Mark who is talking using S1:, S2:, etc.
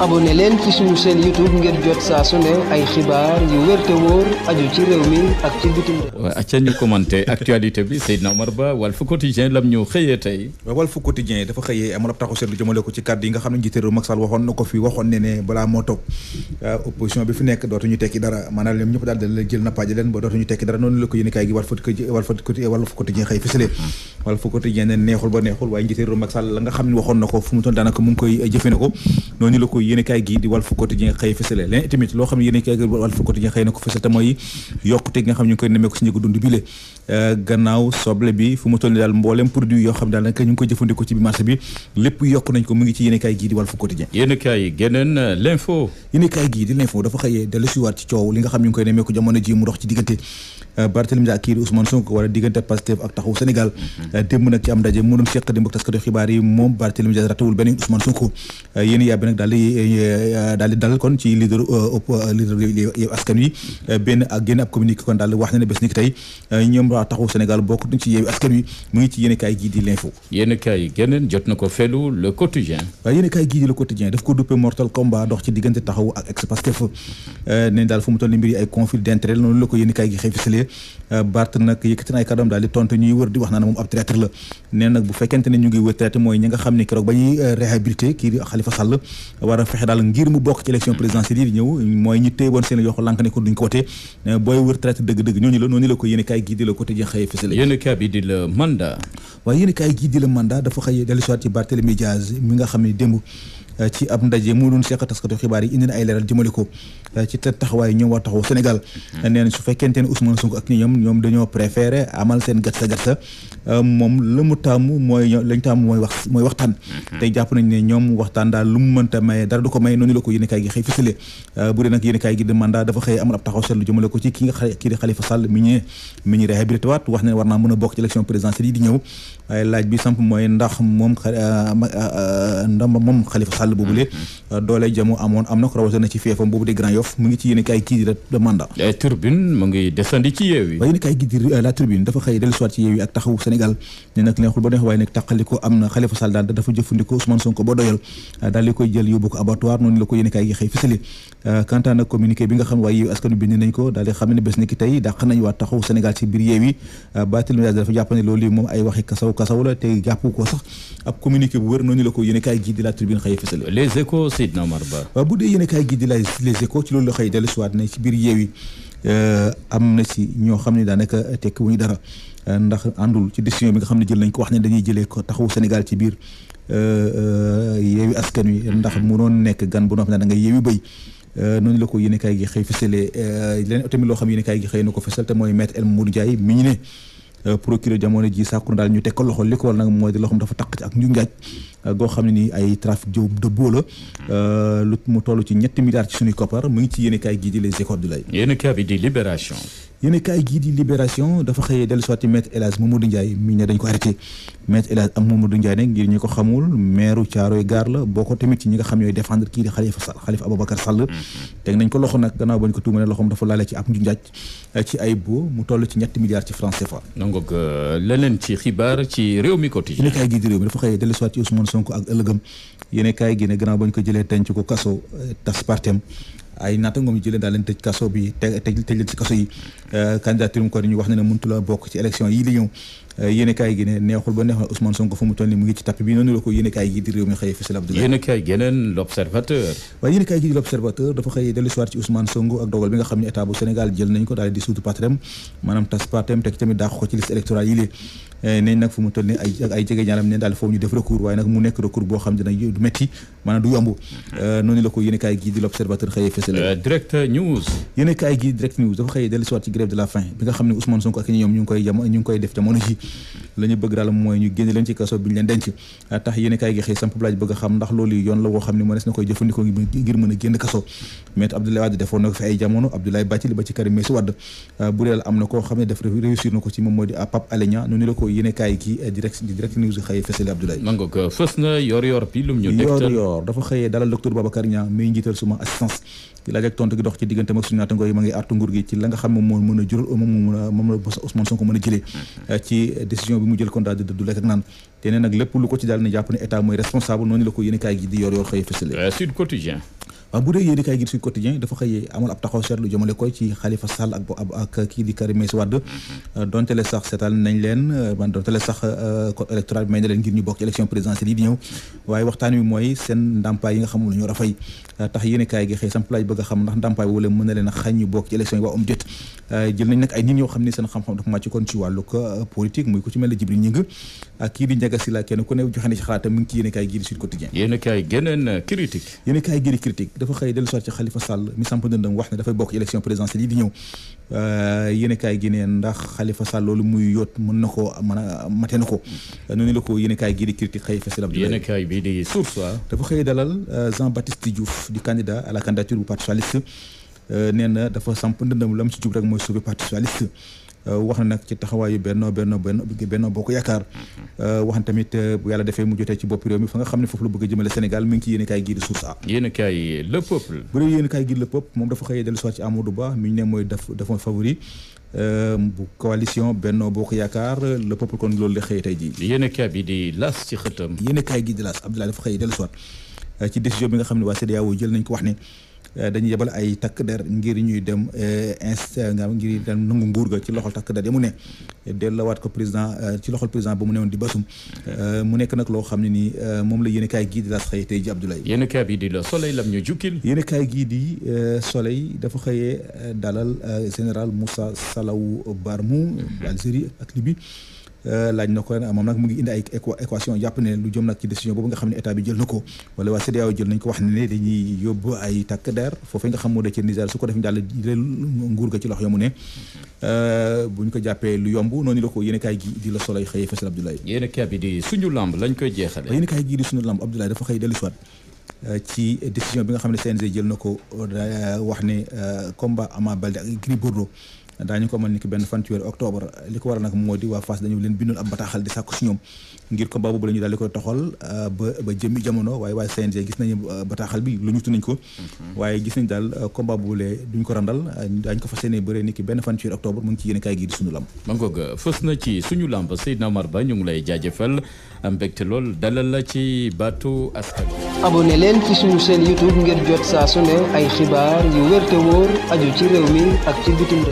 S1: abonné leen ci suñu chaîne YouTube ngir jot saa su ne ay xibaar yu wér te wóor aju ci réew mi ak ci bitim réew. waaw acca ñu commenté
S2: actualité bi
S1: Seydina Omar Ba Walf Quotidien lam ñu ci kàddu yi nga xam ne njiité réew Macky waxoon na ko fi euh, dara maanaam ñoom ñëpp daal da la jël xam ne waxoon na ko fu mu toll daanaka mu koy jëfe na ko noonu la ko yéen kaay gii di Walf Quotidien xëy fësale leneen tamit loo xam ne yéen kaay gi Walf Quotidien xëy na ko fësal te mooy yokk yokkute nga xam ñu ngi koy nemmeeku si njëgu dund bi euh, gannaaw soble bi fu mu toll ni daal mboolem produit yoo xam daal ñu ngi koy jëfandikoo ci bi bi lépp yokk nañ ko mu ngi ci yéen kaay gii di Walf Quotidien
S2: yéen kaay geneen euh, l'info
S1: yéen kaay dafa xëyee dellu si waat ci coow li nga xam ñu ngi koy nemmeeku jamono ji mu dox ci diggante euh, Barthélemy ak kii di Ousmane Sonko wala diggante ak taxaw Sénégal mm-hmm. démb nag ci am ndaje mu doon seq di daal kon daal wax na ne bés ni ki tey euh, ñoom waa taxawu Sénégal bokk duñ ci yeewi askan wi mu ngi ci yéen kaay gii di l'info
S2: yéen kaay gii
S1: di le quotidien ko duppe mortal combat dox ci diggante taxawu ak ex Pastef euh, nañ daal fu mu toll mbir yi ay conflit d'intérêt noonu la ko kaay gi xëy fisalee euh, Bart nag yëkkati na ay kàddoom daal di tontu ñuy wër di wax naa ab traître la nee nag bu fekkente ne ñu ngi wër traître mooy ñi nga xam ne keroog ba ñuy réhabilité candidat dëgg-dëgg ñooñu la noonu la ko yéen kaay gii di la quotidien xëye fësale yéen kaay bi di la mandat waaye yéen kaay di la mandat dafa xëye dellusiwaat ci Barthélémy Diaz mi nga xam ne démb Euh, ci ab ndaje mu doon seq taskatu xibaar yi indi na ay leeral jëmale ko euh, ci taxawaay ñoom waa taxawu Sénégal mm-hmm. nee su fekkente ne Ousmane Sonko ak ñoom ñoom dañoo préféré amal seen gatsa gatsa euh, moom la mu mooy lañ mooy wax mooy waxtaan mm-hmm. tey jàpp nañ ne ñoom waxtaan daal lu mu mënta maye dara du ko may noonu la ko yéenekaay gi xëy fësale bu dee nag yéenekaay gi di dafa xëy amal ab taxaw seetlu jëmale ci ki nga kii di Khalifa Sall mi ñu mi ñu réhabilité wax ne war mën a bokk ci élection présidentielle yi di ñëw waaye laaj bi samp mooy ndax moom àll boobule mm-hmm. euh, doole jamu amoon am na ko rawatina ci feefam boobu di Grand Yoff mu ngi ci yéen kaay la mandat eh, mu ngi desandi ci yeewi waaye euh, yeewi ak euh, noonu la ko yéen kaay la te jàpp ko fàttali les
S2: échos Sidna Omar Ba
S1: waaw bu dee yéen gi di la les échos ci loolu la xëy dellu siwaat euh, na ci biir yeewi am na si ñoo xam ne daanaka tekk wu ñu dara euh, ndax àndul ci décision bi nga xam ne jël nañ ko wax ne dañuy jëlee ko taxawu Sénégal ci biir euh, yeewi askan wi ndax mënoon nekk gan bu noo xam ne da nga yeewi béy noonu la ko yéen kaay gi xëy fësalee leneen tamit loo xam yéen kaay gi xëy na ko fësal te mooy maître El Mour Ndiaye mi ñu ne Euh, procureur jamono ji sàkku na daal ñu tekk ko loxo li nag mooy di loxoom dafa taq ci ak ñu ngaaj euh, goo xam ne ni ay trafic jëw de boola euh, lu mu tollu ci ñetti milliards ci suñuy koppar mu ngi ci yéen kaay gii di les écoles du lay
S2: yéen i bi di libération
S1: yéen kaay gii di libération dafa xëyee dellu soiti maître El Hadj Mamadou Ndiaye mi ne dañ ko arrêté maître El Hadj ak Mamadou Ndiaye nag ngir ñu ko xamul maire Thiaroye Gare la boo ko tamit ci ñi nga xam ñooy défendre kii di Khalifa Sall Khalifa Ababacar Sall mm-hmm. teg nañ ko loxo nag gannaaw bañ ko tuumalee loxoom dafa laale ci ab njuuj-njaaj eh, ci ay boo mu toll ci ñetti milliards ci francs CFA
S2: nangoog euh, leneen ci xibaar ci réew mi quotidien yéen kaay gii
S1: di réew mi dafa xëyee dellu soiti Ousmane Sonko ak ko jëlee tenc ko kaso eh, tas partem ay naata ngoom yi jëlee daal leen tëj te tëj leen ci Euh, candidature mu ko dañu wax ne ne mëntu la bokk ci élection yi li ñëw euh, yéenekaay gi ne neexul ba neexul Ousmane Sonko fu mu toll nii mu ngi ci tapis bi noonu la ko yéenekaay gi di di
S2: l'observateur
S1: xëyee dellu euh, Direct News yéenekaay gi Direct News dafa xëyee dellu soir ci grève bi nga xam ne Ousmane Sonko ak ñi ñoom ñu ngi koy def jamono ji la bëgg daal mooy ñu génne leen ci kaso bi ñu leen denc tax yéen gi xëy samp bëgg a xam ndax loolu yoon la woo xam ne mënees na def réussir na ko ci moom moo di Pape Alé nu ni la ko yéen gi eh, direct direct news xëyee xëyee dalal docteur Babacar Niang mi njiital suma assistance di laaj ak tontu gi dox ci diggante mag suñu naata ngooy ma ngi artu la nga xam ne mën a jural moom moom la Ousmane a jëlee mm-hmm. euh, ci décision bi mu jël kon daal du lekk ak naan te nee nag lépp lu ko ci daal ne jàpp ne mooy responsable noonu la ko yéen kaay gi di yor yor xëy fësale euh, waaw bu dee yéen i kaay gi mm-hmm. euh, sax seetal nañ leen man euh, sax euh, code électoral waaye waxtaan wi mooy seen ndàmpaay yi nga xam lu ñu a fay tax yéen i kaay gi xëy samplaaj bëgg a xam ndax a xañ yi waa xam na ci xalaatam mu ngi ci yéen i kaay gi di Sud Quotidien
S2: yéen i kaay geneen critique
S1: yéen i kaay critique dafa xëy dellu soit ci Khalifa Sall mi samp dëndam wax ne euh, gi ne ndax Khalifa Sall loolu muy yóot mën a ko euh, noonu la ko yéenekaay gii di critique xëy fasal Abdoulaye yéenekaay bi di Source dafa xëy dalal euh, Jean Baptiste Diouf di candidat à la candidature bu parti Euh, nee na dafa samp ndëndam lam ci jub rek mooy sauver parti euh, wax na nag ci taxawaayu benno benno benno benno boo ko yaakaar euh, wax na tamit bu yàlla defee mu jotee ci bopp réew mi fa nga xam ne foofu la bëgg a jëmale Sénégal mi ngi ci yéenekaay gii di Source A moom dafa xëyee dellu soit ci Amadou Ba mi ñu ne mooy def Yaakaar Le kon loolu la xëyee tey jii yéenekaay bi di las ci xëtam yéenekaay gii di las Abdoulaye dafa xëyee dellu soit ci décision bi nga xam ne waa CEDEAO jël nañ ko wax ne Euh, dañu yebal ay takk der ngir ñuy dem euh, inst nga ngir dem nangu nguur ga ci loxol takk der ya mu ne delluwaat ko président euh, ci loxol président ba mu newoon di basum mu nekk nag loo xam ne nii moom la yéen kaay gii di laas xëye tey ji Abdoulaye
S2: yéen kaay bi di
S1: la soleil lam ñu jukkil yéen kaay gii di soleil dafa xëyee dalal général Moussa Salaw Barmou Algérie ak Libye Euh, laaj na ko moom nag mu ngi indi ay équation jàpp ne lu jëm nag ci décision boobu nga xam ne état bi jël na ko wala waa CEDEAO jël nañ ko wax ne ne dañuy yóbbu ay takk su ko def daal jël nguur ga ci loxo mu ne euh, bu ñu ko jàppee lu yomb noonu la ko yéen kaay gi di la soloy xëyee Fassal Abdoulaye yéen kaay bi di suñu lamb lañ koy jeexale yéen kaay gi euh, bi nga xam ne CNG jël na ko wax ne combat Ama Baldé ak Gris Bordeaux daañu ko amal ni ki benn fan ci weeru octobre li ko waral nag moo di waa Fass dañu bindoon ab bataaxal di sàkku si ñoom ngir combat boobu la ñu daal di koy toxal euh, ba ba jëmmi jamono waaye waaye CNG gis nañu euh, bataaxal bi lu ñu ñutu nañ ko mhm. waaye gis nañ daal euh, combat boobu lee duñ ko randal daañ ko fa yéene bëree ni ki benn fan ci weeru octobre mu ngi ci yéen kaay gii di suñu lamb
S2: ma ngoog fës na ci suñu lamb Seydina Omar Ba ñu ngi lay jaajëfal am mbégte lool dalal la ci baatu askan
S1: abonné leen ci suñu seen YouTube ngir jot ne ay xibaar ci réew mi